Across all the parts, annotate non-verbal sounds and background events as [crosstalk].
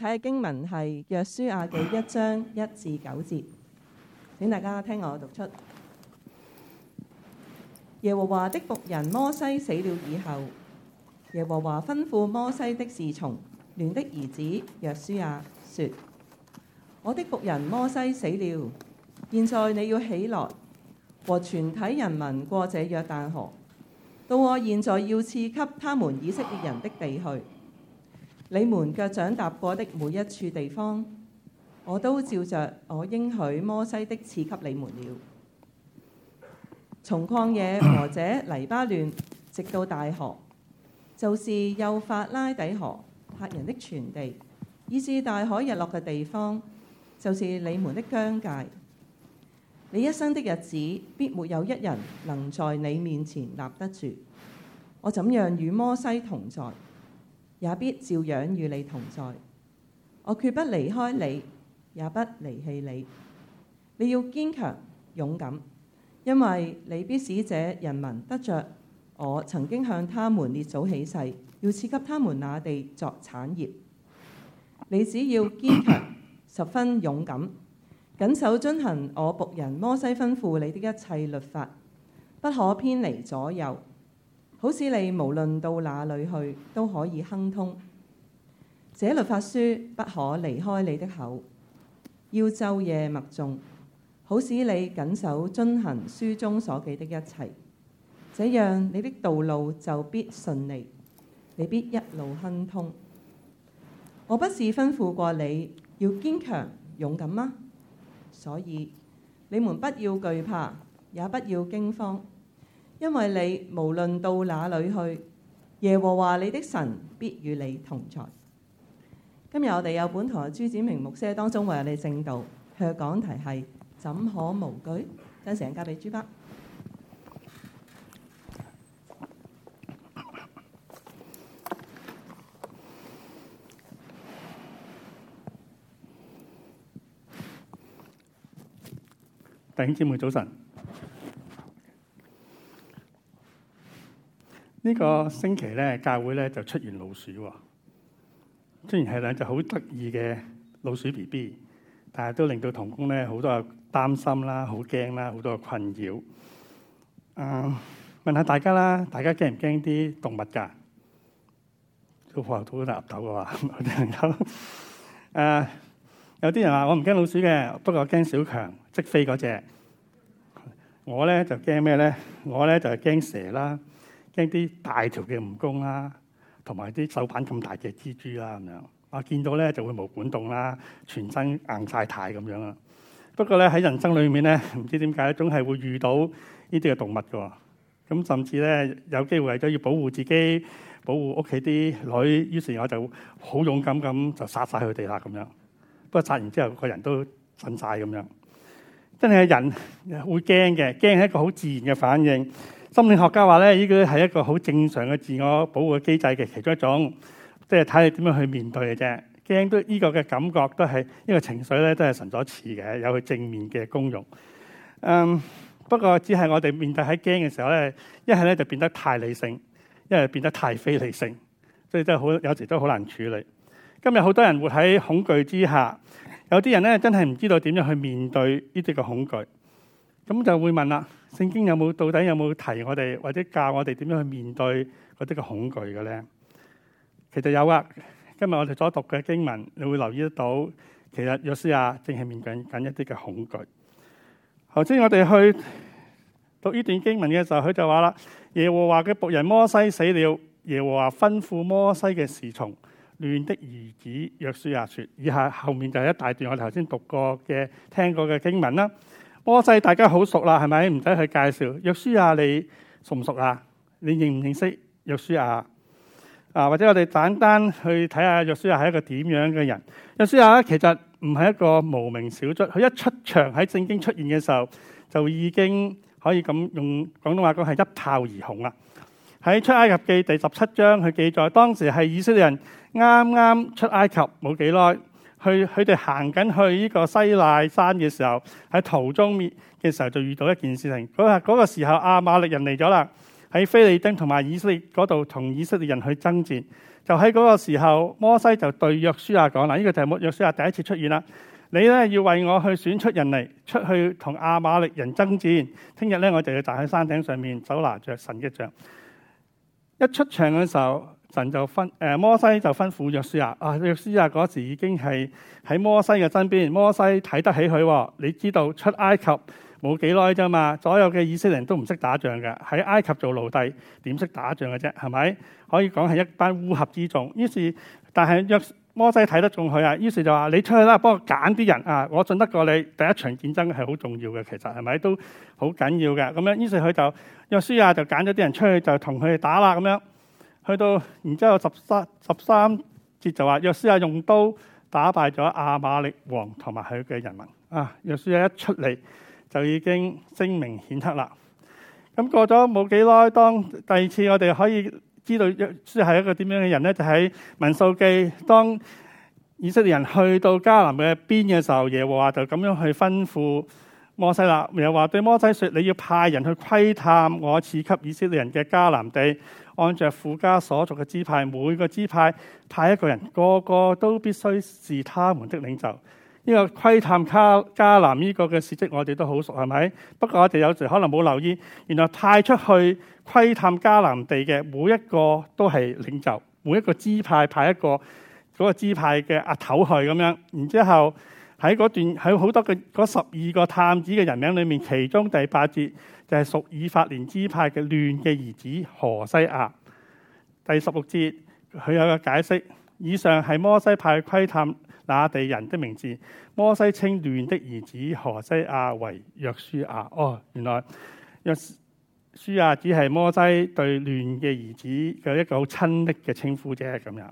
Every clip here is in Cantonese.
睇下經文係約書亞記一章一至九節，請大家聽我讀出。耶和華的僕人摩西死了以後，耶和華吩咐摩西的侍從，連的兒子約書亞說：我的僕人摩西死了，現在你要起來，和全體人民過這約旦河，到我現在要賜給他們以色列人的地去。你們腳掌踏過的每一處地方，我都照着我應許摩西的賜給你們了。從曠野和這黎巴嫩，直到大河，就是幼發拉底河，赫人的全地，以至大海日落嘅地方，就是你們的疆界。你一生的日子，必沒有一人能在你面前立得住。我怎樣與摩西同在，也必照樣與你同在，我決不離開你，也不離棄你。你要堅強勇敢，因為你必使這人民得着我曾經向他們列祖起誓，要賜給他們那地作產業。你只要堅強，十分勇敢，緊守遵行我僕人摩西吩咐你的一切律法，不可偏離左右。好使你無論到哪裏去都可以亨通。這律法書不可離開你的口，要晝夜默誦，好使你緊守遵行書中所記的一切。這樣你的道路就必順利，你必一路亨通。我不是吩咐過你要堅強勇敢嗎？所以你們不要懼怕，也不要驚慌。.因為你無論到哪裏去，耶和華你的神必與你同在。今日我哋有本堂朱子明牧師當中為我哋正道，佢嘅講題係怎可無懼？將時間交俾朱北。弟兄姊妹，早晨。呢、個星期咧，教會咧就出現老鼠喎。雖然係兩隻好得意嘅老鼠 B B，但係都令到童工咧好多啊擔心啦，好驚啦，好多困擾。嗯，問下大家啦，大家驚唔驚啲動物㗎？做破都納豆嘅話，有啲朋友誒有啲人話我唔驚老鼠嘅，不過我驚小強即飛嗰隻。我咧就驚咩咧？我咧就係驚蛇啦。驚啲大條嘅蜈蚣啦，同埋啲手板咁大隻蜘蛛啦咁樣，我見到咧就會毛管戙啦，全身硬晒太咁樣啦。不過咧喺人生裏面咧，唔知點解總係會遇到呢啲嘅動物嘅。咁甚至咧有機會為咗要保護自己、保護屋企啲女，於是我就好勇敢咁就殺晒佢哋啦咁樣。不過殺完之後個人都震晒咁樣。真係人會驚嘅，驚係一個好自然嘅反應。心理學家話咧，呢個係一個好正常嘅自我保護嘅機制嘅其中一種，即係睇你點樣去面對嘅啫。驚都呢、呢個嘅感覺都係呢個情緒咧，都係神所賜嘅，有佢正面嘅功用。嗯，不過只係我哋面對喺驚嘅時候咧，一係咧就變得太理性，一係變得太非理性，所以真係好有時都好難處理。今日好多人活喺恐懼之下，有啲人咧真係唔知道點樣去面對呢啲嘅恐懼。咁就會問啦，聖經有冇到底有冇提我哋或者教我哋點樣去面對嗰啲嘅恐懼嘅咧？其實有啊，今日我哋所讀嘅經文，你會留意到，其實約書亞正係面對緊一啲嘅恐懼。頭先我哋去讀呢段經文嘅時候，佢就話啦：耶和華嘅僕人摩西死了，耶和華吩咐摩西嘅侍從，亂的兒子約書亞說：以下後面就係一大段我哋頭先讀過嘅，聽過嘅經文啦。我哋大家好熟啦，係咪？唔使去介紹。約書亞你熟唔熟啊？你認唔認識約書亞啊？或者我哋簡單，單去睇下約書亞係一個點樣嘅人？約書亞咧，其實唔係一個無名小卒。佢一出場喺聖經出現嘅時候，就已經可以咁用廣東話講係一炮而紅啦。喺出埃及記第十七章，去記載當時係以色列人啱啱出埃及冇幾耐。去佢哋行緊去呢個西奈山嘅時候，喺途中嘅時候就遇到一件事情。嗰、嗰個嗰個時候，亞瑪力人嚟咗啦，喺菲利丁同埋以色列嗰度同以色列人去爭戰。就喺嗰個時候，摩西就對約書亞講啦：，呢、呢個就係約書亞第一次出現啦。你咧要為我去選出人嚟，出去同亞瑪力人爭戰。聽日咧，我就要站喺山頂上面，手拿着神嘅杖。一出場嘅時候。神就吩誒、呃、摩西就吩咐約書亞啊，約書亞嗰時已經係喺摩西嘅身邊，摩西睇得起佢、哦。你知道出埃及冇幾耐啫嘛，所有嘅以色列人都唔識打仗嘅，喺埃及做奴隸點識打仗嘅啫，係咪？可以講係一班烏合之眾。於是，但係約摩西睇得中佢啊，於是就話：你出去啦，幫我揀啲人啊，我信得過你。第一場戰爭係好重要嘅，其實係咪都好緊要嘅？咁樣於是佢就約書亞就揀咗啲人出去，就同佢哋打啦，咁樣。去到然之後，十三十三節就話：約書亞用刀打敗咗亞瑪力王同埋佢嘅人民啊！約書亞一出嚟就已經聲名顯赫啦。咁過咗冇幾耐，當第二次我哋可以知道約書亞係一個點樣嘅人咧，就喺、是、民數記當以色列人去到迦南嘅邊嘅時候，耶和華就咁樣去吩咐摩西啦。又話對摩西說：你要派人去窺探我賜給以色列人嘅迦南地。按着父家所屬嘅支派，每個支派派一個人，個個都必須是他們的領袖。呢、這個窺探迦迦南呢個嘅事蹟，我哋都好熟，係咪？不過我哋有時可能冇留意，原來派出去窺探迦南地嘅每一個都係領袖，每一個支派派一個嗰、那個支派嘅阿頭去咁樣。然之後喺嗰段喺好多嘅嗰十二個探子嘅人名裏面，其中第八節。就係、是、屬以法蓮之派嘅亂嘅兒子何西亞。第十六節，佢有個解釋：以上係摩西派嘅窺探那地人的名字。摩西稱亂嘅兒子何西亞為約書亞。哦，原來約書亞只係摩西對亂嘅兒子嘅一個好親昵嘅稱呼啫。係咁樣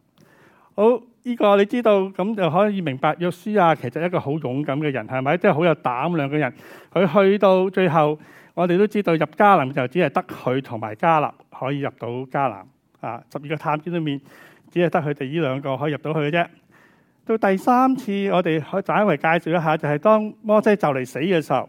好呢、這個你知道咁，就可以明白約書亞其實一個好勇敢嘅人係咪？即係好有膽量嘅人佢去到最後。我哋都知道入迦南就只係得佢同埋迦勒可以入到迦南啊！十二個探子裏面只係得佢哋呢兩個可以入到去嘅啫。到第三次我哋可稍為介紹一下，就係當摩西就嚟死嘅時候，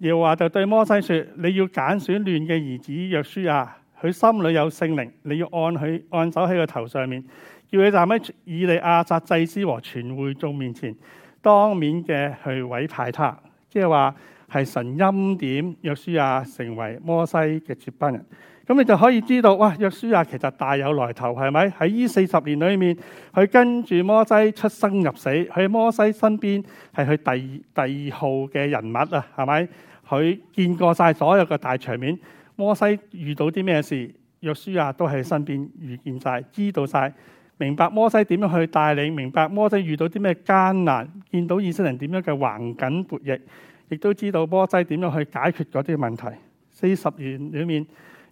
耶和華就對摩西說：你要揀選亂嘅兒子約書亞、啊，佢心裏有聖靈，你要按佢按手喺佢頭上面，叫佢站喺以利亞撒祭司和全會眾面前，當面嘅去委派他，即係話。係神欽點約書亞成為摩西嘅接班人，咁你就可以知道哇！約書亞其實大有來頭，係咪？喺呢四十年裏面，佢跟住摩西出生入死，佢喺摩西身邊係佢第二第二號嘅人物啊，係咪？佢見過晒所有嘅大場面，摩西遇到啲咩事，約書亞都喺身邊遇見晒，知道晒。明白摩西點樣去帶領，明白摩西遇到啲咩艱難，見到以色列人點樣嘅橫梗悖逆。亦都知道摩西點樣去解決嗰啲問題。四十年裏面，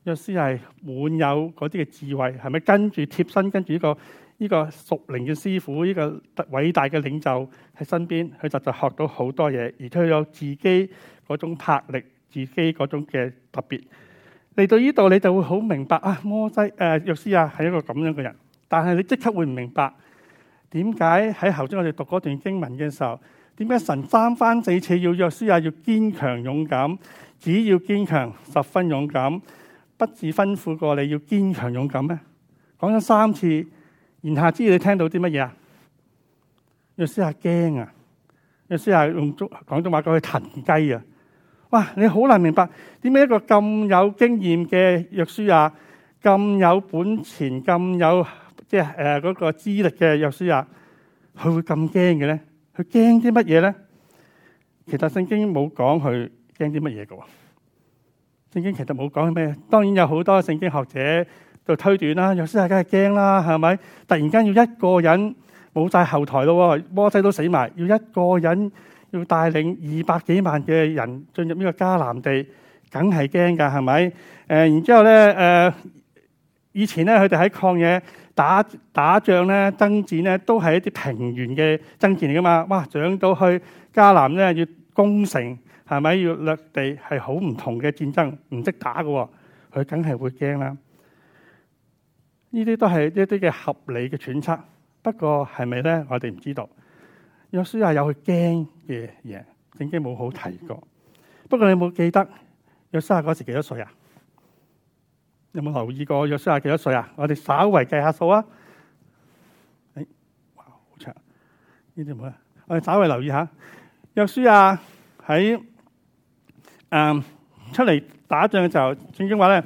約書亞滿有嗰啲嘅智慧，係咪跟住貼身跟住呢、這個呢、這個屬靈嘅師傅，呢、這個偉大嘅領袖喺身邊，佢就就學到好多嘢，而且佢有自己嗰種魄力，自己嗰種嘅特別。嚟到呢度，你就會好明白啊！摩西誒約書亞係一個咁樣嘅人，但係你即刻會唔明白點解喺頭先我哋讀嗰段經文嘅時候。點解神三番四次要約書亞要堅強勇敢？只要堅強，十分勇敢，不止吩咐過你要堅強勇敢咩？講咗三次，言下之意你聽到啲乜嘢啊？約書亞驚啊！約書亞用廣東話講佢騰雞啊！哇！你好難明白點解一個咁有經驗嘅約書亞，咁有本錢、咁有即係，誒，嗰個資歷嘅約書亞，佢會咁驚嘅咧？佢驚啲乜嘢？咧？其實聖經冇講佢驚啲乜嘢嘅。聖經其實冇講咩？當然有好多聖經學者就推斷啦。約書亞梗係驚啦，係咪？突然間要一個人冇晒後台咯，摩西都死埋，要一個人要帶領二百幾萬嘅人進入呢個迦南地，梗係驚噶，係咪？誒，然之後咧，誒。以前咧，佢哋喺曠野打打仗咧，爭戰咧，都係一啲平原嘅爭戰嚟噶嘛。哇，上到去迦南咧，要攻城，係咪要掠地，係好唔同嘅戰爭，唔識打噶喎，佢梗係會驚啦。呢啲都係一啲嘅合理嘅揣測，不過係咪咧，我哋唔知道。約書亞有佢驚嘅嘢，聖經冇好提過。不過你有冇記得約書亞嗰時幾多歲啊？有冇留意過約書亞幾多歲啊？我哋稍為計下數啊！哎，哇，好長呢啲冇啊！我哋稍微留意下，約書亞喺誒出嚟打仗嘅時候，聖經話咧，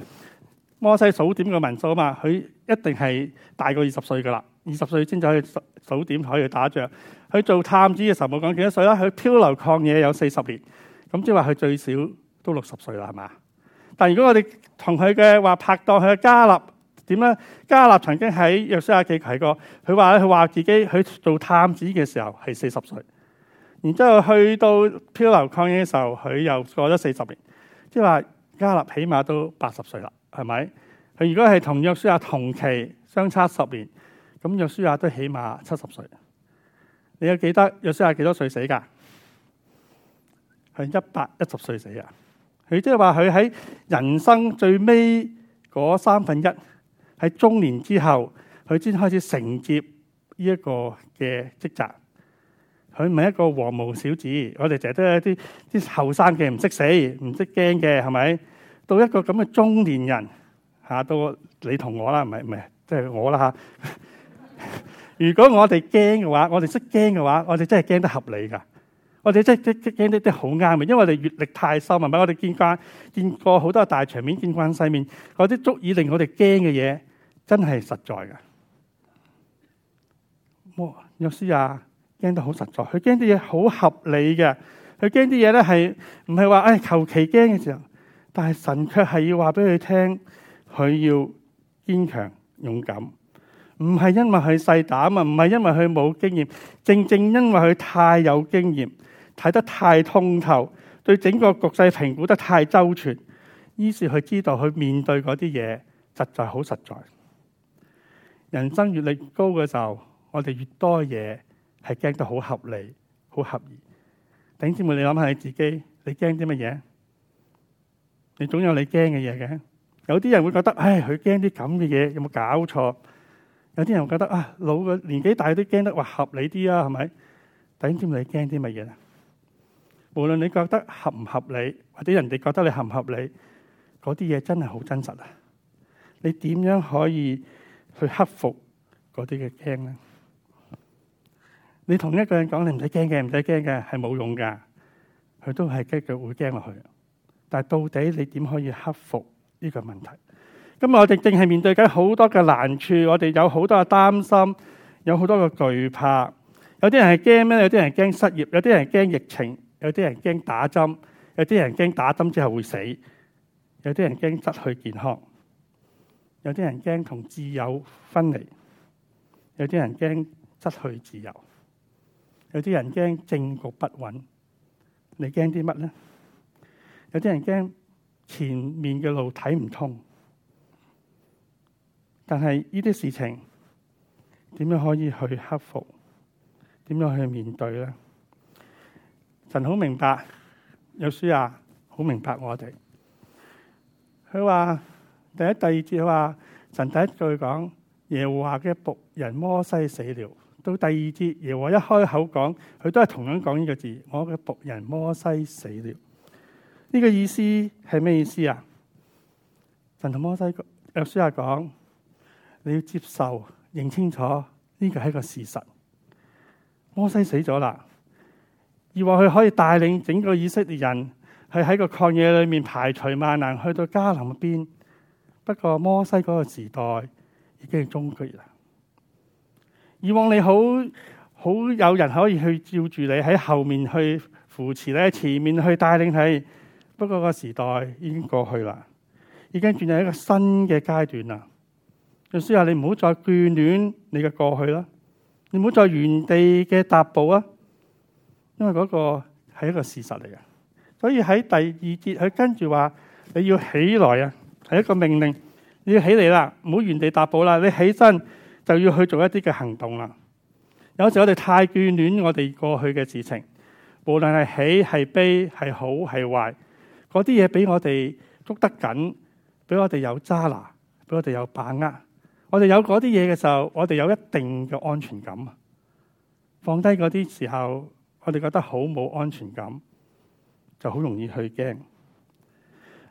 摩西數點嘅民數啊嘛，佢一定係大過二十歲噶啦，二十歲先至可以數點可以打仗。佢做探子嘅時候冇講幾多歲啦，佢漂流曠野有四十年，咁即係話佢最少都六十歲啦，係嘛？但如果我哋同佢嘅話拍檔，佢嘅迦勒點咧？迦勒曾經喺約書亞記睇過，佢話咧，佢話自己去做探子嘅時候係四十歲，然之後去到漂流抗英嘅時候，佢又過咗四十年，即係話迦勒起碼都八十歲啦，係咪？佢如果係同約書亞同期，相差十年，咁約書亞都起碼七十歲。你有記得約書亞幾多歲死噶？係一百一十歲死啊！佢即係話佢喺人生最尾嗰三分一，喺中年之後，佢先開始承接呢一個嘅職責。佢唔係一個黃毛小子，我哋成日都係一啲啲後生嘅唔識死唔識驚嘅，係咪？到一個咁嘅中年人，吓、啊、到你同我啦，唔係唔係，即係、就是、我啦吓。啊、 [laughs] 如果我哋驚嘅話，我哋識驚嘅話，我哋真係驚得合理噶。我哋真真真驚得啲好啱嘅，因為我哋閱歷太深啊嘛。我哋見慣、見過好多大場面，見慣世面，嗰啲足以令我哋驚嘅嘢，真係實在嘅。哇！約書亞，驚得好實在，佢驚啲嘢好合理嘅，佢驚啲嘢咧係唔係話誒求其驚嘅時候，但係神卻係要話俾佢聽，佢要堅強勇敢，唔係因為佢細膽啊，唔係因為佢冇經驗，正正因為佢太有經驗。睇得太通透，對整個局勢評估得太周全，於是佢知道佢面對嗰啲嘢，實在好實在。人生閱歷高嘅時候，我哋越多嘢係驚到好合理、好合意。頂尖妹，你諗下你自己，你驚啲乜嘢？你總有你驚嘅嘢嘅。有啲人會覺得唉，佢驚啲咁嘅嘢有冇搞錯？有啲人會覺得啊，老嘅年紀大都驚得話合理啲啊，係咪？頂尖妹，你驚啲乜嘢？無論你覺得合唔合理，或者人哋覺得你合唔合理，嗰啲嘢真係好真實啊！你點樣可以去克服嗰啲嘅驚咧？你同一個人講，你唔使驚嘅，唔使驚嘅，係冇用噶。佢都係繼續會驚落去。但係到底你點可以克服呢個問題？今日我哋淨係面對緊好多嘅難處，我哋有好多嘅擔心，有好多嘅懼怕。有啲人係驚咩？有啲人驚失業，有啲人驚疫情。有啲人驚打針，有啲人驚打針之後會死，有啲人驚失去健康，有啲人驚同摯友分離，有啲人驚失去自由，有啲人驚政局不穩，你驚啲乜呢？有啲人驚前面嘅路睇唔通，但係呢啲事情點樣可以去克服？點樣去面對呢？神好明白，約書亞好明白我哋。佢話第一、第二節，佢話神第一句講耶和華嘅僕人摩西死了。到第二節，耶和華一開口講，佢都係同樣講呢個字：我嘅僕人摩西死了。呢個意思係咩意思啊？神同摩西約書亞講，你要接受認清楚呢個係一個事實。摩西死咗啦。以往佢可以帶領整個以色列人，係喺個曠野裏面排除萬難，去到迦南邊。不過摩西嗰個時代已經終結啦。以往你好好有人可以去照住你喺後面去扶持你，喺前面去帶領係。不過嗰個時代已經過去啦，已經轉入一個新嘅階段啦。就穌啊，你唔好再眷戀你嘅過去啦，你唔好再原地嘅踏步啊！因為嗰個係一個事實嚟嘅，所以喺第二節佢跟住話你要起來啊，係一個命令，你要起嚟啦，唔好原地踏步啦，你起身就要去做一啲嘅行動啦。有時我哋太眷戀我哋過去嘅事情，無論係喜係悲係好係壞，嗰啲嘢俾我哋捉得緊，俾我哋有渣拿，俾我哋有把握。我哋有嗰啲嘢嘅時候，我哋有一定嘅安全感。放低嗰啲時候。我哋覺得好冇安全感，就好容易去驚。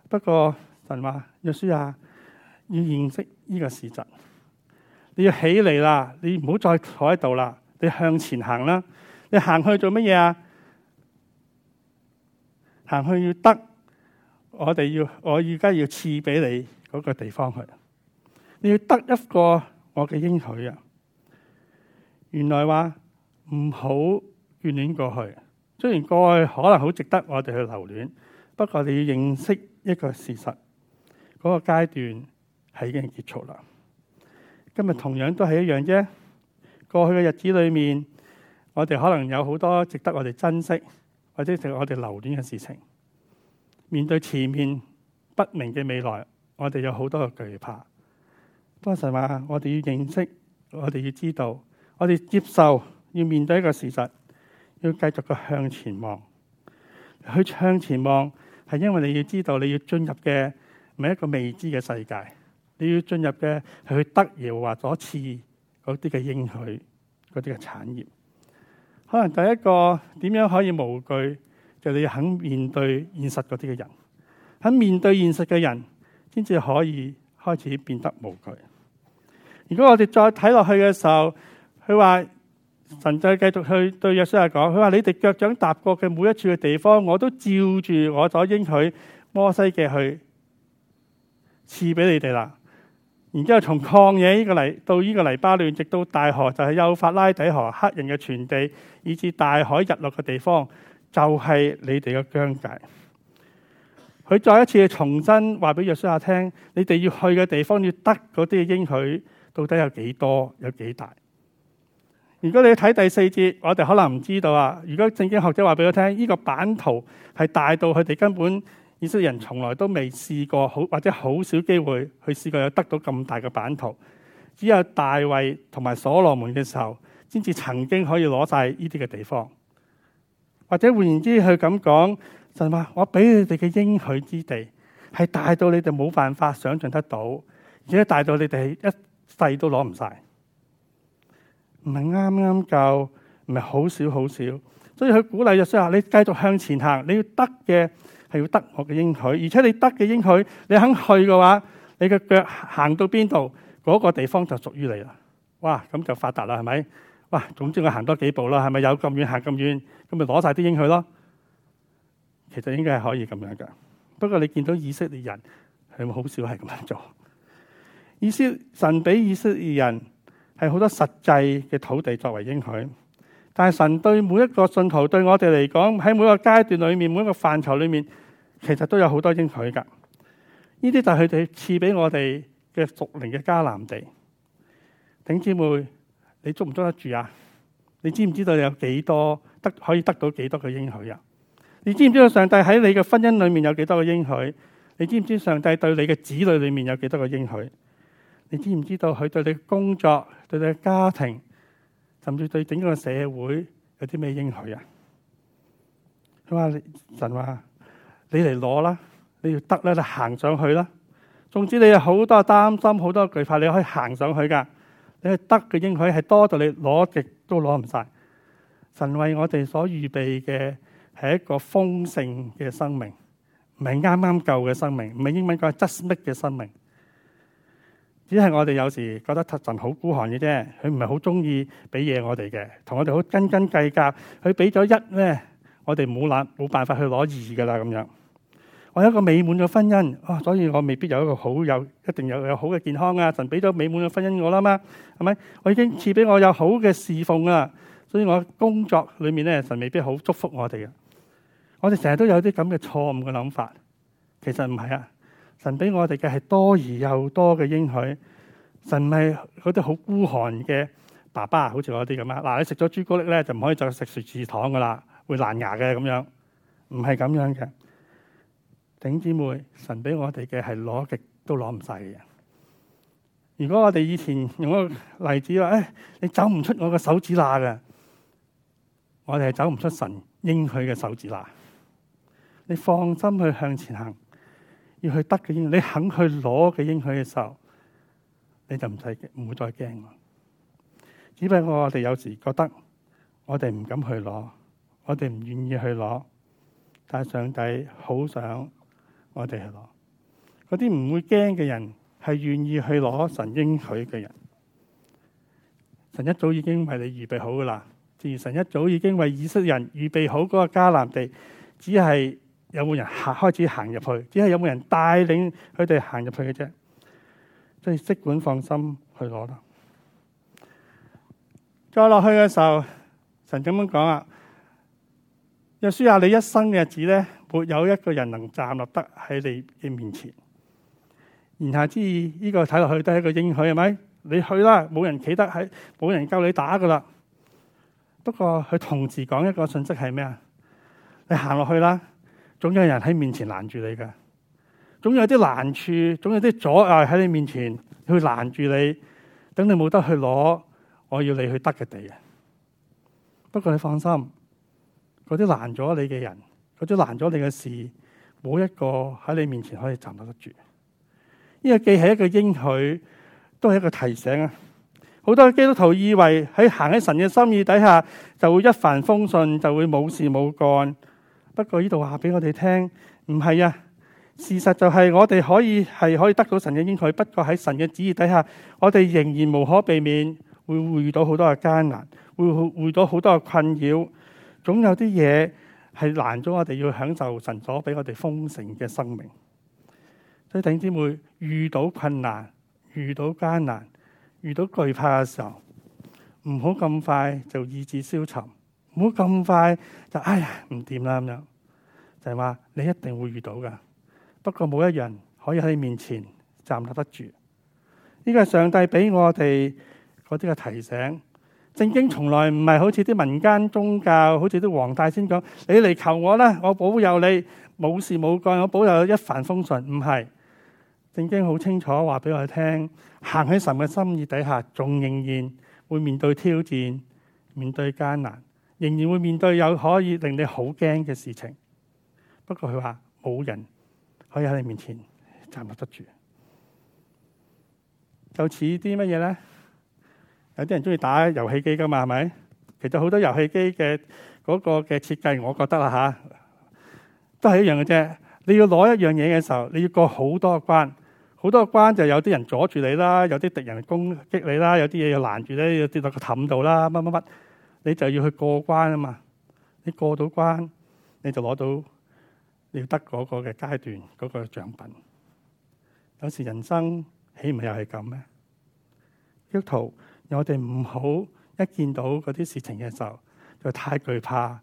不過神話，約書亞啊，要認識呢個事實，你要起嚟啦，你唔好再坐喺度啦，你向前行啦。你行去做乜嘢啊？行去要得，我哋要我而家要賜俾你嗰個地方去。你要得一個我嘅應許啊！原來話唔好，不要眷戀過去，雖然過去可能好值得我哋去留戀，不過我哋要認識一個事實，嗰個階段係已經結束啦。今日同樣都係一樣啫。過去嘅日子裏面，我哋可能有好多值得我哋珍惜，或者值得我哋留戀嘅事情。面對前面不明嘅未來，我哋有好多嘅懼怕。多神話，我哋要認識，我哋要知道，我哋接受，要面對一個事實。要繼續嘅向前望，去向前望，係因為你要知道你要進入嘅唔係一個未知嘅世界，你要進入嘅係去得耶和華所賜嗰啲嘅應許，嗰啲嘅產業。可能第一個點樣可以無懼，就你要肯面對現實嗰啲嘅人，肯面對現實嘅人先至可以開始變得無懼。如果我哋再睇落去嘅時候，佢話。神再繼續去對約書亞講，佢話：你哋腳掌踏過嘅每一處嘅地方，我都照住我所應許摩西嘅去賜俾你哋啦。然之後從曠野呢個泥到呢個黎巴嫩，直到大河就係、是、幼發拉底河黑人嘅全地，以至大海日落嘅地方，就係、是、你哋嘅疆界。佢再一次重申話俾約書亞聽，你哋要去嘅地方要得嗰啲應許，到底有幾多，有幾大？如果你睇第四節，我哋可能唔知道啊。如果正經學者話俾我聽，呢個版圖係大到佢哋根本以色列人從來都未試過好，或者好少機會去試過有得到咁大嘅版圖。只有大衛同埋所羅門嘅時候，先至曾經可以攞晒呢啲嘅地方。或者換言之他說，佢咁講，就話我俾你哋嘅應許之地係大到你哋冇辦法想象得到，而且大到你哋一世都攞唔晒。」唔係啱啱夠，唔係好少好少，所以佢鼓勵就話你繼續向前行，你要得嘅係要得我嘅應許，而且你得嘅應許，你肯去嘅話，你嘅腳行到邊度，嗰個地方就屬於你啦。哇，咁就發達啦，係咪？哇，總之我行多幾步啦，係咪？有咁遠行咁遠，咁咪攞晒啲應許咯。其實應該係可以咁樣噶，不過你見到以色列人係咪好少係咁樣做？意思神俾以色列人。係好多實際嘅土地作為應許，但係神對每一個信徒對我哋嚟講，喺每一個階段裏面，每一個範疇裏面，其實都有好多應許噶。呢啲就係佢哋賜俾我哋嘅屬靈嘅迦南地。頂姊妹，你捉唔捉得住啊？你知唔知道你有幾多得可以得到幾多個應許啊？你知唔知道上帝喺你嘅婚姻裏面有幾多個應許？你知唔知道上帝對你嘅子女裏面有幾多個應許？你知唔知道佢對你嘅工作？佢哋嘅家庭，甚至對整個社會有啲咩應許啊？佢話神話你嚟攞啦，你要得咧，就行上去啦。總之你有好多擔心，好多懼怕，你可以行上去噶。你係得嘅應許係多到你攞極都攞唔晒。神為我哋所預備嘅係一個豐盛嘅生命，唔係啱啱夠嘅生命，唔係英文講 just make 嘅生命。只係我哋有時覺得神好孤寒嘅啫，佢唔係好中意俾嘢我哋嘅，同我哋好斤斤計較。佢俾咗一咧，我哋冇諗，冇辦法去攞二噶啦咁樣。我有一個美滿嘅婚姻啊、哦，所以我未必有一個好有一定有有好嘅健康啊。神俾咗美滿嘅婚姻我啦嘛，係咪？我已經賜俾我有好嘅侍奉啊，所以我工作裏面咧，神未必好祝福我哋嘅。我哋成日都有啲咁嘅錯誤嘅諗法，其實唔係啊。神俾我哋嘅係多而又多嘅應許，神唔係嗰啲好孤寒嘅爸爸，好似嗰啲咁啊！嗱，你食咗朱古力咧，就唔可以再食雪治糖噶啦，會爛牙嘅咁樣，唔係咁樣嘅。頂姊妹，神俾我哋嘅係攞極都攞唔晒嘅。如果我哋以前用個例子話，誒、哎，你走唔出我個手指罅嘅，我哋係走唔出神應許嘅手指罅。你放心去向前行。要去得嘅應，你肯去攞嘅應許嘅時候，你就唔使唔會再驚。只不過我哋有時覺得我哋唔敢去攞，我哋唔願意去攞，但係上帝好想我哋去攞。嗰啲唔會驚嘅人係願意去攞神應許嘅人。神一早已經為你預備好噶啦，正如神一早已經為以色列人預備好嗰個迦南地，只係。有冇人行開始行入去？只係有冇人帶領佢哋行入去嘅啫，即係即管放心去攞啦。再落去嘅時候，神咁樣講啊：約書亞，你一生嘅日子咧，沒有一個人能站立得喺你嘅面前。言下之意，呢個睇落去都係一個應許係咪？你去啦，冇人企得喺，冇人夠你打噶啦。不過佢同時講一個訊息係咩啊？你行落去啦。總有人喺面前攔住你㗎，總有啲難處，總有啲阻礙喺你面前去攔住你，等你冇得去攞。我要你去得嘅地啊！不過你放心，嗰啲攔咗你嘅人，嗰啲攔咗你嘅事，冇一個喺你面前可以站得得住。呢個既係一個應許，都係一個提醒啊！好多基督徒以為喺行喺神嘅心意底下，就會一帆風順，就會冇事冇乾。不過呢度話俾我哋聽，唔係啊！事實就係我哋可以係可以得到神嘅應許，不過喺神嘅旨意底下，我哋仍然無可避免會會遇到好多嘅艱難，會會遇到好多嘅困擾，總有啲嘢係難咗我哋要享受神所俾我哋豐盛嘅生命。所以弟兄姊妹，遇到困難、遇到艱難、遇到懼怕嘅時候，唔好咁快就意志消沉。唔好咁快就哎呀唔掂啦，咁樣，就係話你一定會遇到噶。不過冇一人可以喺你面前站立得住。呢個係上帝俾我哋嗰啲嘅提醒。正經從來唔係好似啲民間宗教，好似啲黃大仙講，你嚟求我啦，我保佑你冇事冇干，我保佑一帆風順。唔係正經好清楚話俾我哋聽，行喺神嘅心意底下，仲仍然會面對挑戰，面對艱難。仍然會面對有可以令你好驚嘅事情，不過佢話冇人可以喺你面前站立得住。就似啲乜嘢咧？有啲人中意打遊戲機噶嘛？係咪？其實好多遊戲機嘅嗰個嘅設計，我覺得啦吓，都係一樣嘅啫。你要攞一樣嘢嘅時候，你要過好多個關，好多個關就係有啲人阻住你啦，有啲敵人攻擊你啦，有啲嘢要攔住你，要跌落個氹度啦，乜乜乜。你就要去過關啊嘛，你過到關，你就攞到你要得嗰個嘅階段嗰、嗰個獎品。有時人生豈唔又係咁咩？基督徒，我哋唔好一見到嗰啲事情嘅時候，就太懼怕，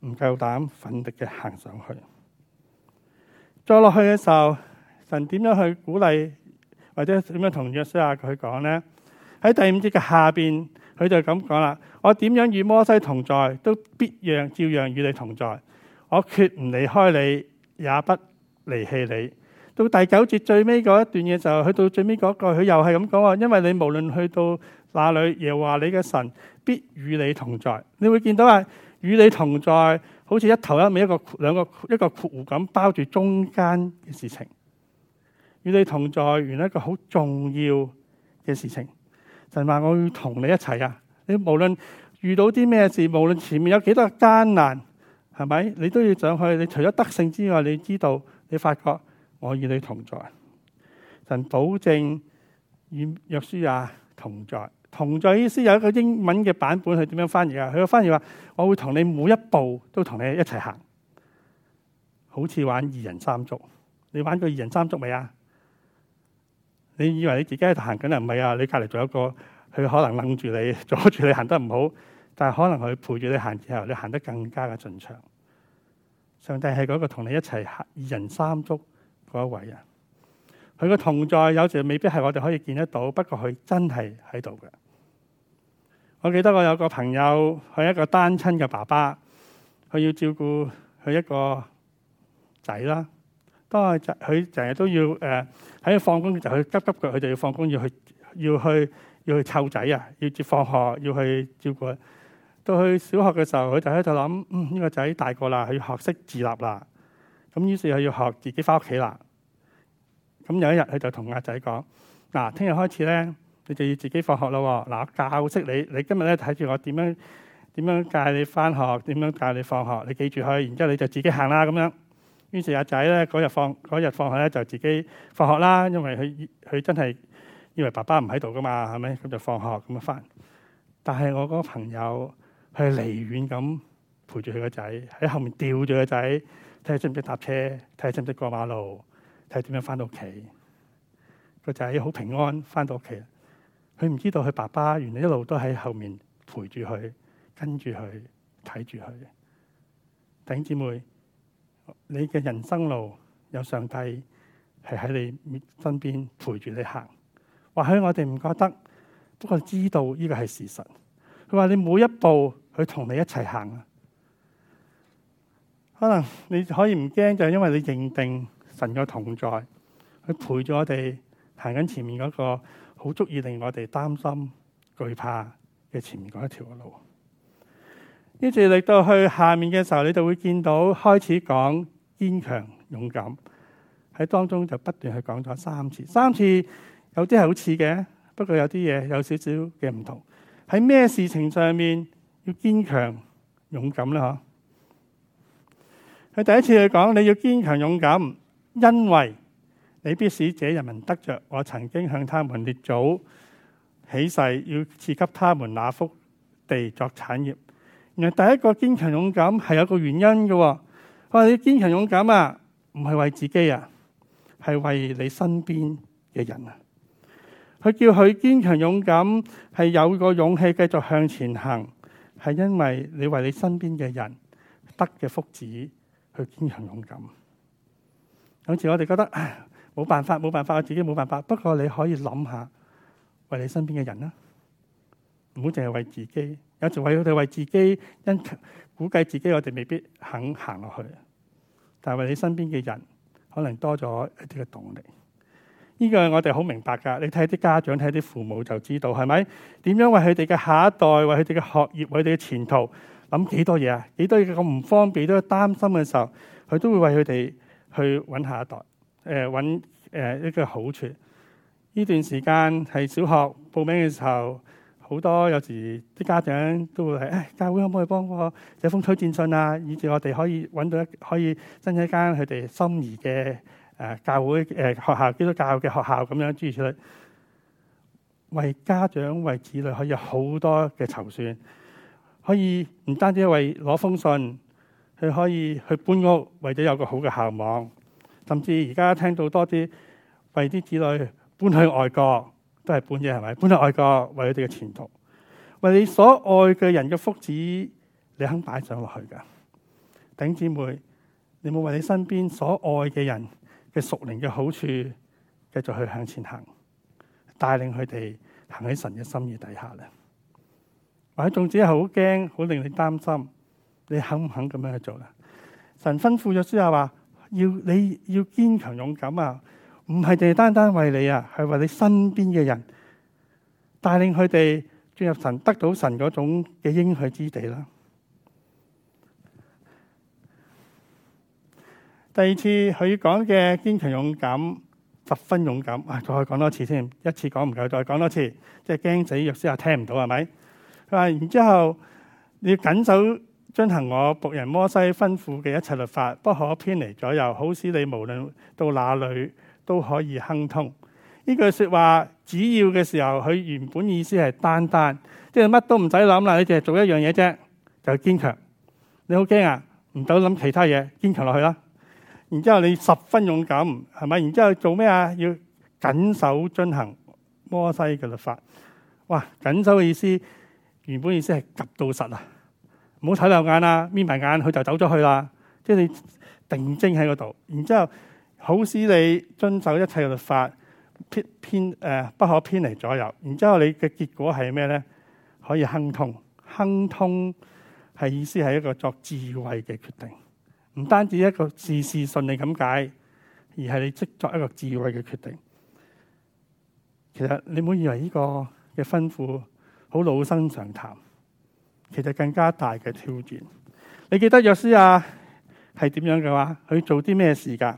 唔夠膽奮力嘅行上去。再落去嘅時候，神點樣去鼓勵，或者點樣同約書亞佢講咧？喺第五節嘅下邊。佢就咁講啦，我點樣與摩西同在，都必讓照樣與你同在。我決唔離開你，也不離棄你。到第九節最尾嗰一段嘢，就去到最尾嗰、嗰個，佢又係咁講啊！因為你無論去到哪裡也說，耶華你嘅神必與你同在。你會見到啊，與你同在，好似一頭一尾一個兩個一個括弧咁包住中間嘅事情。與你同在，原來一個好重要嘅事情。神話：我要同你一齊噶，你無論遇到啲咩事，無論前面有幾多艱難，係咪？你都要上去。你除咗得勝之外，你知道你發覺我與你同在。神保證與約書亞同在。同在意思有一個英文嘅版本係點樣翻譯啊？佢嘅翻譯話：我會同你每一步都同你一齊行，好似玩二人三足。你玩過二人三足未啊？你以為你自己喺度行緊啊？唔係啊，你隔籬仲有一個，佢可能楞住你，阻住你行得唔好，但係可能佢陪住你行之後，你行得更加嘅順暢。上帝係嗰個同你一齊行二人三足嗰一位啊！佢個同在有時未必係我哋可以見得到，不過佢真係喺度嘅。我記得我有個朋友，佢一個單親嘅爸爸，佢要照顧佢一個仔啦。當佢佢成日都要誒喺度放工，就去急急腳，佢就要放工要去要去要去湊仔啊，要接放學，要去照顧。到去小學嘅時候，佢就喺度諗：嗯、呢、這個仔大個啦，佢要學識自立啦。咁於是佢要學自己翻屋企啦。咁有一日，佢就同阿仔講：嗱，聽日開始咧，你就要自己放學啦。嗱、啊，教識你，你今日咧睇住我點樣點樣教你翻學，點樣教你放學，你記住去，然之後你就自己行啦咁樣。於是阿仔咧嗰日放嗰日放學咧就自己放學啦，因為佢佢真係以為爸爸唔喺度㗎嘛，係咪？咁就放學咁樣返。但係我嗰個朋友佢離遠咁陪住佢個仔喺後面吊住個仔，睇下識唔識搭車，睇下識唔識過馬路，睇下點樣返到屋企。個仔好平安返到屋企。佢唔知道佢爸爸原來一路都喺後面陪住佢，跟住佢睇住佢。弟兄姊妹。你嘅人生路有上帝係喺你身邊陪住你行，或許我哋唔覺得，不過知道呢個係事實。佢話你每一步去同你一齊行，啊，可能你可以唔驚就係、是、因為你認定神嘅同在，佢陪咗我哋行緊前面嗰、那個好足以令我哋擔心懼怕嘅前面嗰一條路。跟住嚟到去下面嘅時候，你就會見到開始講堅強勇敢，喺當中就不斷去講咗三次，三次有啲係好似嘅，不過有啲嘢有少少嘅唔同。喺咩事情上面要堅強勇敢呢？嗬，佢第一次去講你要堅強勇敢，因為你必使這人民得着，我曾經向他們列祖起誓要賜給他們那幅地作產業。第一個堅強勇敢係有個原因嘅，佢話你堅強勇敢啊，唔係為自己啊，係為你身邊嘅人啊。佢叫佢堅強勇敢，係有個勇氣繼續向前行，係因為你為你身邊嘅人得嘅福祉。去堅強勇敢。有時我哋覺得唉，冇辦法，冇辦法，我自己冇辦法。不過你可以諗下，為你身邊嘅人啦、啊。唔好淨係為自己，有時為佢哋為自己，因估計自己，我哋未必肯行落去。但係為你身邊嘅人，可能多咗一啲嘅動力。呢、這個我哋好明白噶。你睇啲家長睇啲父母就知道係咪點樣為佢哋嘅下一代，為佢哋嘅學業，為佢哋嘅前途諗幾多嘢啊？幾多嘢咁唔方便，都擔心嘅時候，佢都會為佢哋去揾下一代誒，揾、呃、誒、呃、一個好處。呢段時間係小學報名嘅時候。好多有時啲家長都會係誒、哎、教會可唔可以幫我寫封推薦信啊，以至我哋可以揾到一可以申請一間佢哋心儀嘅誒、呃、教會誒學校，基督教嘅學校咁樣，諸如此類。為家長為子女可以有好多嘅籌算，可以唔單止為攞封信，佢可以去搬屋，為咗有個好嘅校網，甚至而家聽到多啲為啲子女搬去外國。都係搬嘢，係咪？搬到外國為佢哋嘅前途，為你所愛嘅人嘅福祉，你肯擺上落去嘅？頂姊妹，你冇為你身邊所愛嘅人嘅屬靈嘅好處，繼續去向前行，帶領佢哋行喺神嘅心意底下咧。或者仲止係好驚，好令你擔心，你肯唔肯咁樣去做咧？神吩咐約書亞話：要你要堅強勇敢啊！唔係哋單單為你啊，係為你身邊嘅人帶領佢哋進入神，得到神嗰種嘅應許之地啦。第二次佢講嘅堅強勇敢，十分勇敢。哇、哎，再講多次先，一次講唔夠，再講多次，即係驚死約書亞聽唔到係咪？佢話然之後你要謹守遵行我僕人摩西吩咐嘅一切律法，不可偏離左右。好使你無論到哪裏，都可以亨通。呢句説話，主要嘅時候，佢原本意思係單單，即係乜都唔使諗啦，你淨係做一樣嘢啫，就堅強。你好驚啊？唔好諗其他嘢，堅強落去啦。然之後你十分勇敢，係咪？然之後做咩啊？要謹守遵行摩西嘅律法。哇！謹守嘅意思，原本意思係及到實啊！唔好睇兩眼啦，眯埋眼，佢就走咗去啦。即係你定睛喺嗰度，然之後。好使你遵守一切嘅律法，偏偏誒、呃、不可偏離左右。然之後你嘅結果係咩咧？可以亨通，亨通係意思係一個作智慧嘅決定，唔單止一個事事順利咁解，而係你即作一個智慧嘅決定。其實你唔好以為呢個嘅吩咐好老生常談，其實更加大嘅挑戰。你記得約書亞係點樣嘅話佢做啲咩事㗎？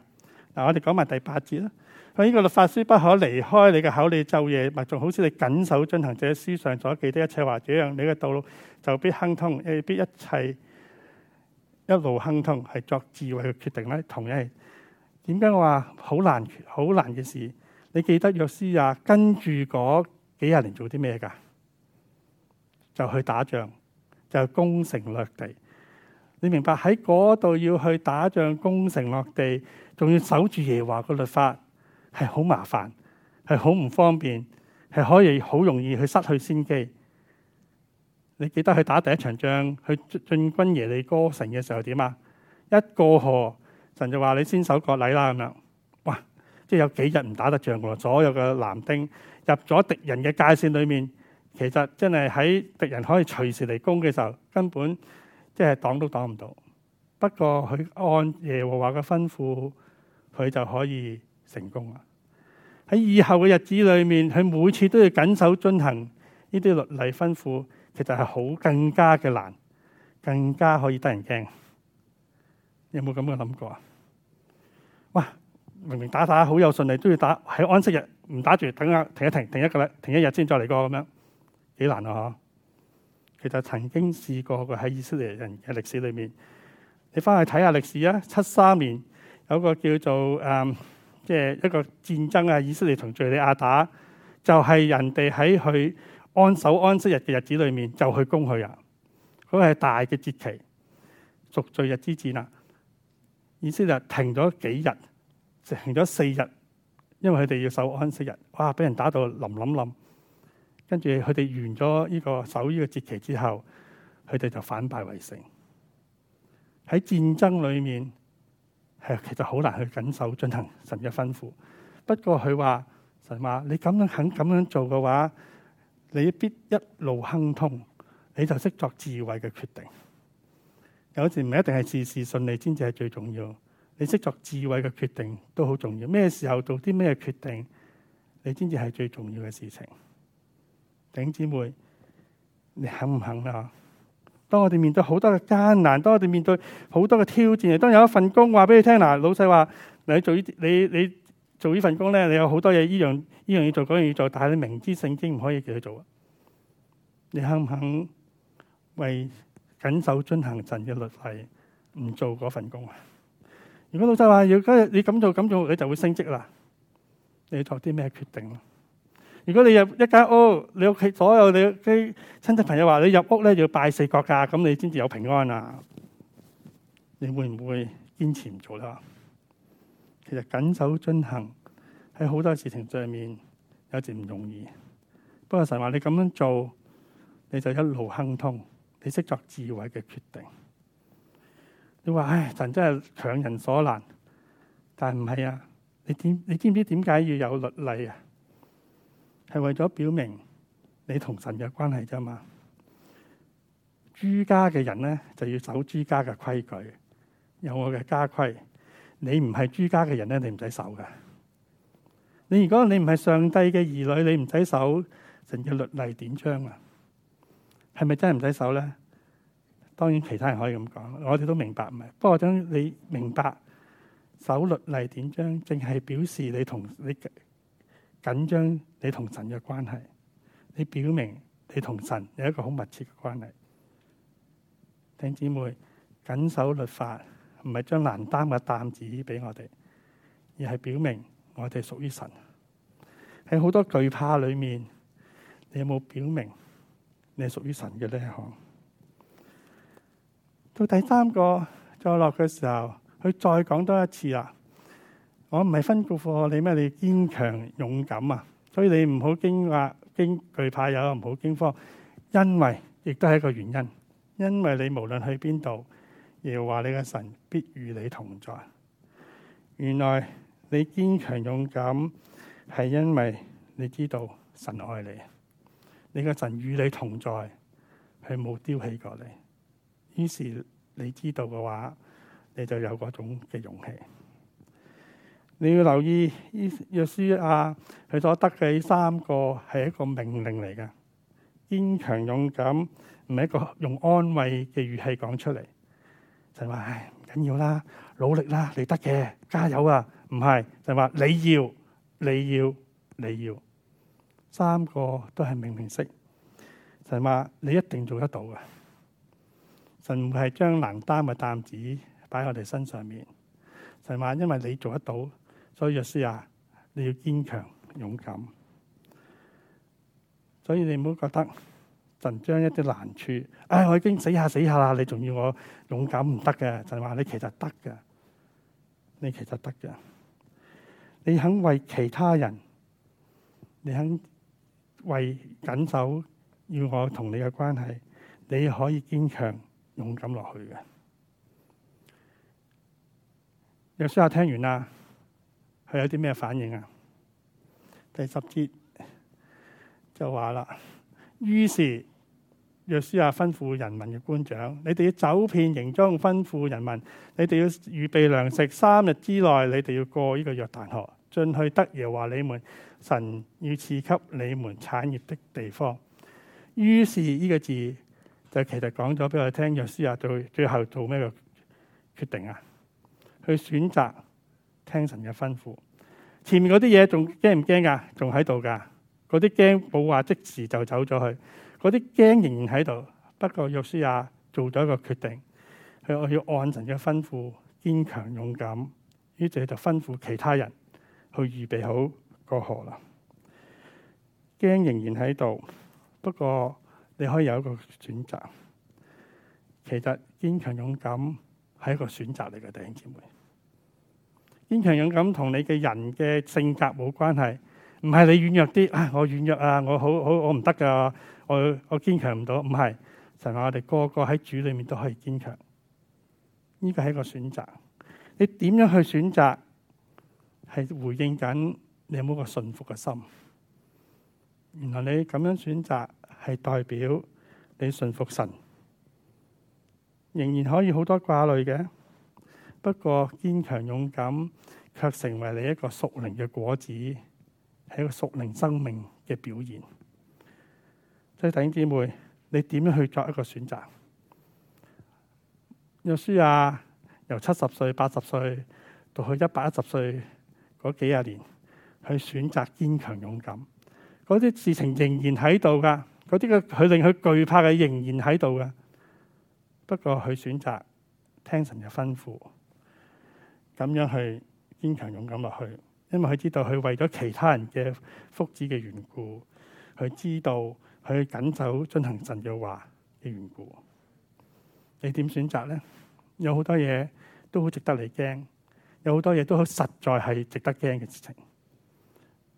嗱，我哋講埋第八節啦。佢、這、呢個律法書不可離開你嘅口，你晝夜，咪仲好似你緊守進行者書上所記的一切話。這樣你嘅道路就必亨通，必一切一路亨通，係作智慧嘅決定咧。同樣係點解話好難好難嘅事？你記得約書亞，跟住嗰幾廿年做啲咩㗎？就去打仗，就攻城掠地。你明白喺嗰度要去打仗、攻城掠地？仲要守住耶和華嘅律法，係好麻煩，係好唔方便，係可以好容易去失去先機。你記得去打第一場仗，去進軍耶利哥城嘅時候點啊？一過河，神就話你先守割禮啦咁樣。哇，即係有幾日唔打得打仗嘅，所有嘅男丁入咗敵人嘅界線裏面，其實真係喺敵人可以隨時嚟攻嘅時候，根本即係擋都擋唔到。不過佢按耶和華嘅吩咐。佢就可以成功啦！喺以後嘅日子裏面，佢每次都要緊守遵行呢啲律例吩咐，其實係好更加嘅難，更加可以得人驚。有冇咁嘅諗過啊？哇！明明打打好有順利，都要打喺安息日唔打住，等下停一停，停一個啦，停一日先再嚟過咁樣，幾難啊！嗬！其實曾經試過嘅喺以色列人嘅歷史裏面，你翻去睇下歷史啊，七三年。有、那個叫做誒、嗯，即係一個戰爭啊，以色列同敍利亞打，就係、是、人哋喺佢安守安息日嘅日子裏面就去攻佢啊！佢、那、係、個、大嘅節期，贖罪日之戰啊。以色列停咗幾日，停咗四日，因為佢哋要守安息日，哇！俾人打到冧冧冧，跟住佢哋完咗呢個守呢個節期之後，佢哋就反敗為勝。喺戰爭裏面。係，其實好難去謹守進行神嘅吩咐。不過佢話神話，你咁樣肯咁樣做嘅話，你必一路亨通。你就識作智慧嘅決定。有時唔一定係事事順利，先至係最重要。你識作智慧嘅決定都好重要。咩時候做啲咩決定，你先至係最重要嘅事情。頂姊妹，你肯唔肯啊？當我哋面對好多嘅艱難，當我哋面對好多嘅挑戰，當有一份工話俾你聽嗱，老細話你做呢啲，你你做呢份工咧，你有好多嘢，呢樣呢樣要做，嗰樣要做，但係你明知聖經唔可以繼續做啊，你肯唔肯為謹守遵行神嘅律例唔做嗰份工啊？如果老細話要今你咁做咁做，你就會升職啦，你要做啲咩決定？.如果你入一間屋，你屋企所有你啲親戚朋友話你入屋咧要拜四角噶，咁你先至有平安啊？你會唔會堅持唔做啦？其實謹守遵行喺好多事情上面有時，唔容易，不過神話你咁樣做，你就一路亨通，你識作智慧嘅決定。你話唉，神真係強人所難，但唔係啊？你點，你知唔知點解要有律例啊？係為咗表明你同神嘅關係啫嘛。朱家嘅人咧就要守朱家嘅規矩，有我嘅家規。你唔係朱家嘅人咧，你唔使守㗎。你如果你唔係上帝嘅兒女，你唔使守神嘅律例典章啊。係咪真係唔使守咧？當然其他人可以咁講，我哋都明白唔係。不過等你明白守律例典章，淨係表示你同你緊張。你同神嘅關係，你表明你同神有一個好密切嘅關係。聽姊妹謹守律法，唔係將難擔嘅擔子俾我哋，而係表明我哋屬於神。喺好多懼怕裏面，你有冇表明你係屬於神嘅呢一行？到第三個再落嘅時候，佢再講多一次啊！我唔係吩咐過你咩？你,你堅強勇敢啊！所以你唔好驚吓、驚懼怕，有唔好驚慌，因為亦都係一個原因。因為你無論去邊度，亦要話你嘅神必與你同在。原來你堅強勇敢，係因為你知道神愛你，你嘅神與你同在，係冇丟棄過你。於是你知道嘅話，你就有嗰種嘅勇氣。你要留意，呢約書亞佢所得嘅三個係一個命令嚟嘅。堅強勇敢唔係一個用安慰嘅語氣講出嚟，神話唉唔緊要啦，努力啦，你得嘅，加油啊！唔係神話你要，你要，你要，三個都係命令式，神話你一定做得到嘅，神唔係將難擔嘅擔子擺喺我哋身上面，神話因為你做得到。所以，約書亞啊，你要堅強勇敢。所以你唔好覺得神將一啲難處，唉、哎，我已經死下死下啦，你仲要我勇敢唔得嘅？就係話你其實得嘅，你其實得嘅。你肯為其他人，你肯為緊守要我同你嘅關係，你可以堅強勇敢落去嘅。約書亞啊，聽完啦。佢有啲咩反應啊？第十節就話啦，於是約書亞吩咐人民嘅官長，你哋要走遍營中，吩咐人民，你哋要預備糧食，三日之內，你哋要過呢個約旦河，進去得耶和華你們神要賜給你們產業的地方。於是呢、這個字就其實講咗俾我們聽，約書亞最最後做咩嘅決定啊？去選擇。聽神嘅吩咐，前面嗰啲嘢，仲驚唔驚噶？仲喺度噶，嗰啲驚冇話即時就走咗去，嗰啲驚仍然喺度。不過約書亞做咗一個決定，佢，我要按神嘅吩咐，堅強勇敢。於是就吩咐其他人去預備好過河啦。驚仍然喺度，不過你可以有一個選擇。其實堅強勇敢係一個選擇嚟嘅，弟兄姐妹。堅強勇敢同你嘅人嘅性格冇關係，唔係你軟弱啲，我軟弱啊，我好好我唔得噶，我我堅強唔到，唔係，就係我哋個個喺主裏面都可以堅強，呢個係一個選擇，你點樣去選擇係回應緊你有冇個順服嘅心？原來你咁樣選擇係代表你順服神，仍然可以好多掛慮嘅。不過堅強勇敢卻成為你一個屬靈嘅果子，係一個屬靈生命嘅表現。即係弟兄姊妹，你點樣去作一個選擇？約書亞由七十歲、八十歲到去一百一十歲嗰幾廿年，去選擇堅強勇敢，嗰啲事情仍然喺度噶，嗰啲嘅佢令佢懼怕嘅仍然喺度噶。不過佢選擇聽神嘅吩咐。咁樣去堅強勇敢落去，因為佢知道佢為咗其他人嘅福祉嘅緣故，佢知道佢謹守遵行神嘅話嘅緣故。你點選擇呢？有好多嘢都好值得你驚，有好多嘢都好實在係值得驚嘅事情。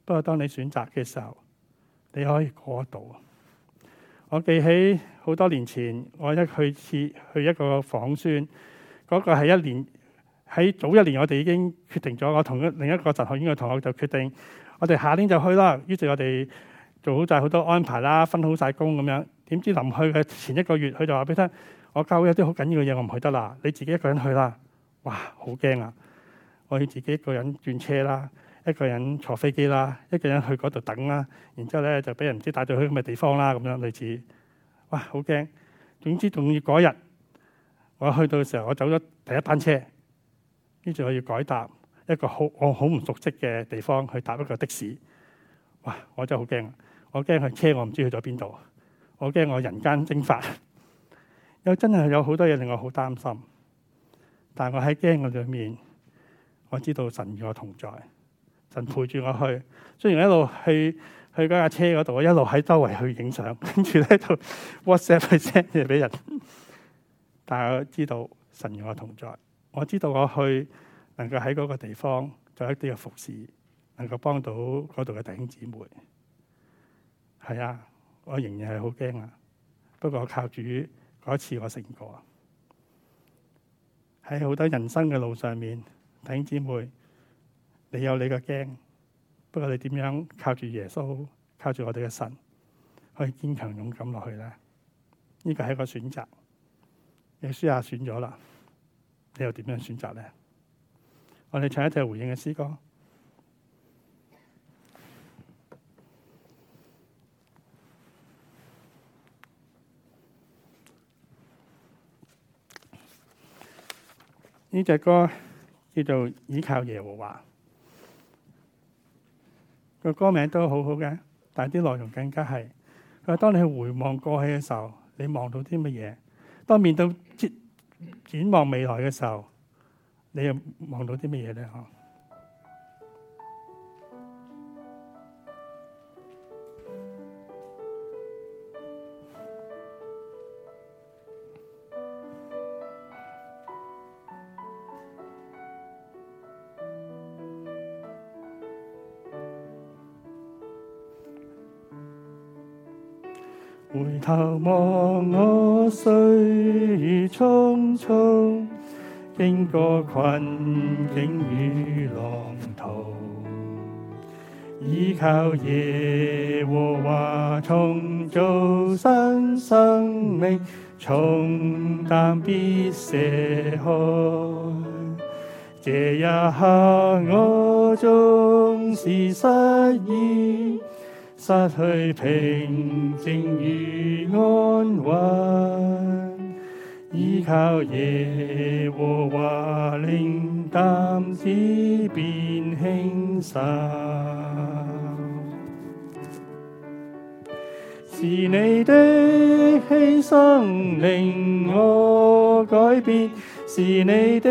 不過當你選擇嘅時候，你可以過得到。我記起好多年前，我一去次去一個訪宣，嗰個係一年。喺早一年，我哋已經決定咗。我同一另一個神學院嘅同學就決定，我哋下年就去啦。於是，我哋做好晒好多安排啦，分好晒工咁樣。點知臨去嘅前一個月，佢就話俾我聽：我教會有啲好緊要嘅嘢，我唔去得啦。你自己一個人去啦。哇，好驚啊！我要自己一個人轉車啦，一個人坐飛機啦，一個人去嗰度等啦。然之後咧，就俾人唔知帶到去咁嘅地方啦。咁樣類似，哇，好驚！總之那天，仲要嗰日我去到嘅時候，我走咗第一班車。跟住我要改搭一個好我好唔熟悉嘅地方去搭一個的士，哇！我真係好驚，我驚佢車我唔知去咗邊度，我驚我人間蒸發。又真係有好多嘢令我好擔心，但係我喺驚嘅裏面，我知道神與我同在，神陪住我去。雖然一路去去嗰架車嗰度，我一路喺周圍去影相，跟住咧就 WhatsApp 去 send 嘢俾人。但係我知道神與我同在。我知道我去能夠喺嗰個地方做一啲嘅服侍，能夠幫到嗰度嘅弟兄姊妹。係啊，我仍然係好驚啊。不過我靠住嗰次我成過。喺好多人生嘅路上面，弟兄姊妹，你有你嘅驚，不過你點樣靠住耶穌，靠住我哋嘅神，可以堅強勇敢落去咧？呢個係一個選擇。耶穌下選咗啦。你又點樣選擇咧？我哋唱一隻回應嘅詩歌，呢隻歌叫做《倚靠耶和華》。個歌名都好好嘅，但係啲內容更加係。佢當你去回望過去嘅時候，你望到啲乜嘢？當面對接。展望未來嘅時候，你又望到啲乜嘢咧？嗬？回頭望，我歲月匆匆經過困境與浪濤，依靠耶和華創造新生命，重擔必卸開。這一刻我終是失意。失去平靜與安穩，依靠耶和華，令擔子變輕省。是你的犧牲令我改變，是你的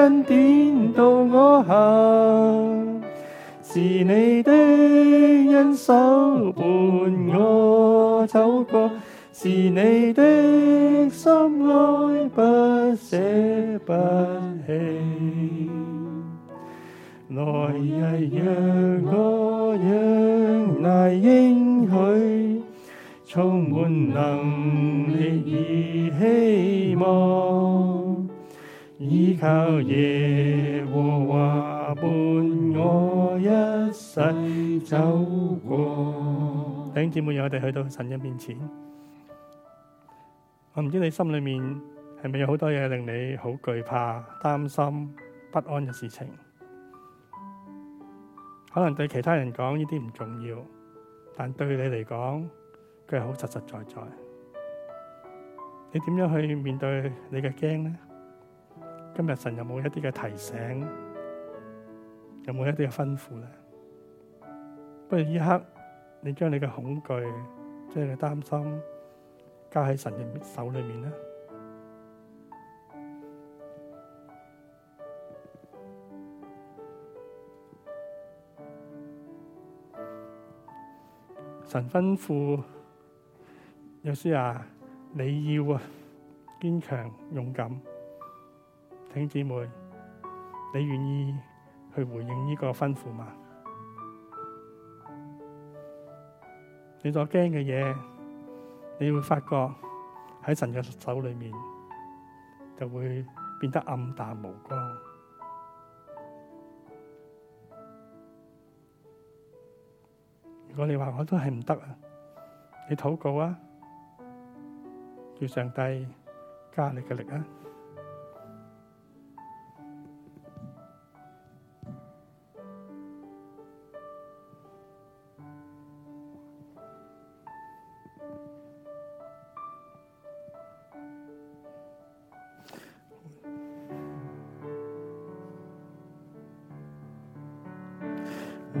恩典導我行。是你的恩手伴我走過，是你的心愛不捨不棄，來日若我若那應許，充滿能力與希望。依靠耶和華，伴我一世走過。弟兄姊妹，我哋去到神嘅面前，我唔知你心裏面係咪有好多嘢令你好懼怕、擔心、不安嘅事情？可能對其他人講呢啲唔重要，但對你嚟講，佢係好實實在在。你點樣去面對你嘅驚呢？今日神有冇一啲嘅提醒，有冇一啲嘅吩咐咧？不如呢刻，你將你嘅恐懼，將你嘅擔心，交喺神嘅手裏面啦。神吩咐約書亞，你要啊，堅強勇敢。弟兄姊妹，你願意去回應呢個吩咐嗎？你所驚嘅嘢，你會發覺喺神嘅手裏面，就會變得暗淡無光。如果你話我都係唔得啊，你禱告啊，叫上帝加你嘅力啊！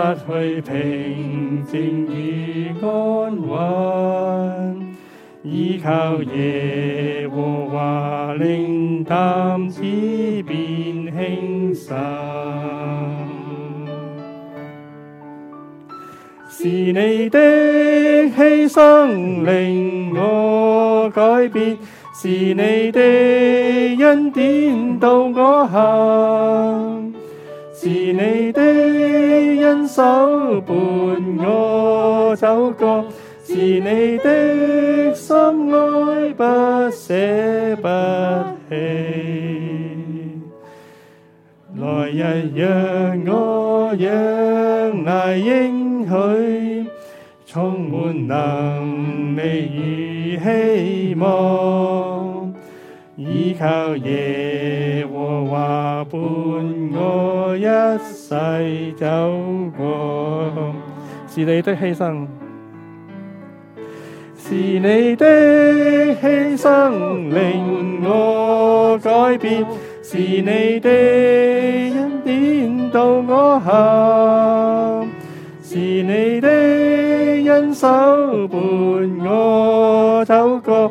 失去平靜與安穩，依靠耶和華令擔子變輕鬆。是你的犧牲令我改變，是你的恩典到我行。是你的恩手伴我走過，是你的心愛不捨不棄，來日讓我仰賴應許，充滿能力與希望。依靠耶和華，伴我一世走過。是你的犧牲，是你的犧牲，令我改變。是你的恩典導我行，是你的恩手伴我走過。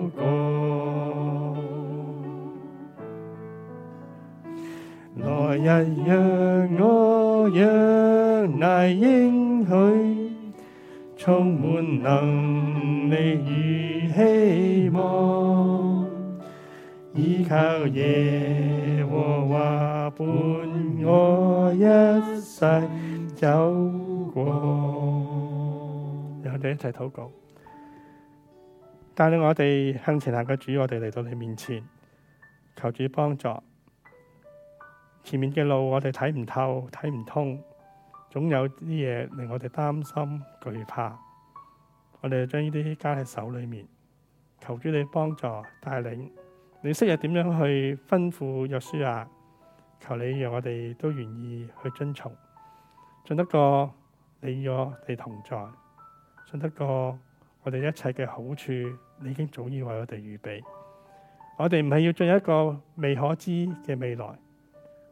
日樣我一樣，我一樣，祢應許充滿能力與希望。依靠耶和華，伴我一世走過。然後，我哋一齊禱告。帶領我哋向前行嘅主，我哋嚟到你面前，求主幫助。前面嘅路我哋睇唔透睇唔通，總有啲嘢令我哋擔心懼怕，我哋將呢啲加喺手裏面，求主你幫助帶領，你昔日點樣去吩咐約書亞。啊，求你讓我哋都願意去遵從，信得過你與我哋同在，信得過我哋一切嘅好處，你已經早已為我哋預備，我哋唔係要進入一個未可知嘅未來。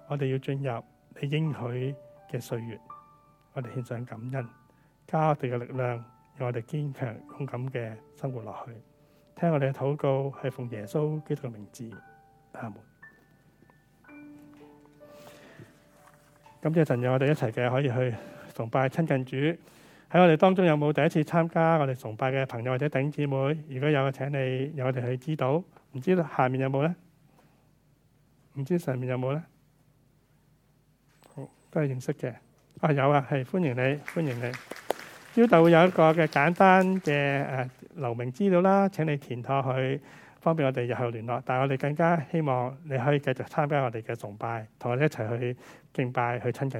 我哋要進入你應許嘅歲月，我哋獻上感恩，加我哋嘅力量，讓我哋堅強勇敢嘅生活落去。聽我哋嘅禱告係奉耶穌基督嘅名字，阿門。感謝神讓我哋一齊嘅可以去崇拜親近主。喺我哋當中有冇第一次參加我哋崇拜嘅朋友或者弟兄姊妹？如果有，請你讓我哋去知道。唔知下面有冇呢？唔知上面有冇呢？都係認識嘅啊，有啊，係，歡迎你，歡迎你。朝頭會有一個嘅簡單嘅誒、呃、留名資料啦，請你填妥去，方便我哋日後聯絡。但係我哋更加希望你可以繼續參加我哋嘅崇拜，同我哋一齊去敬拜，去親近。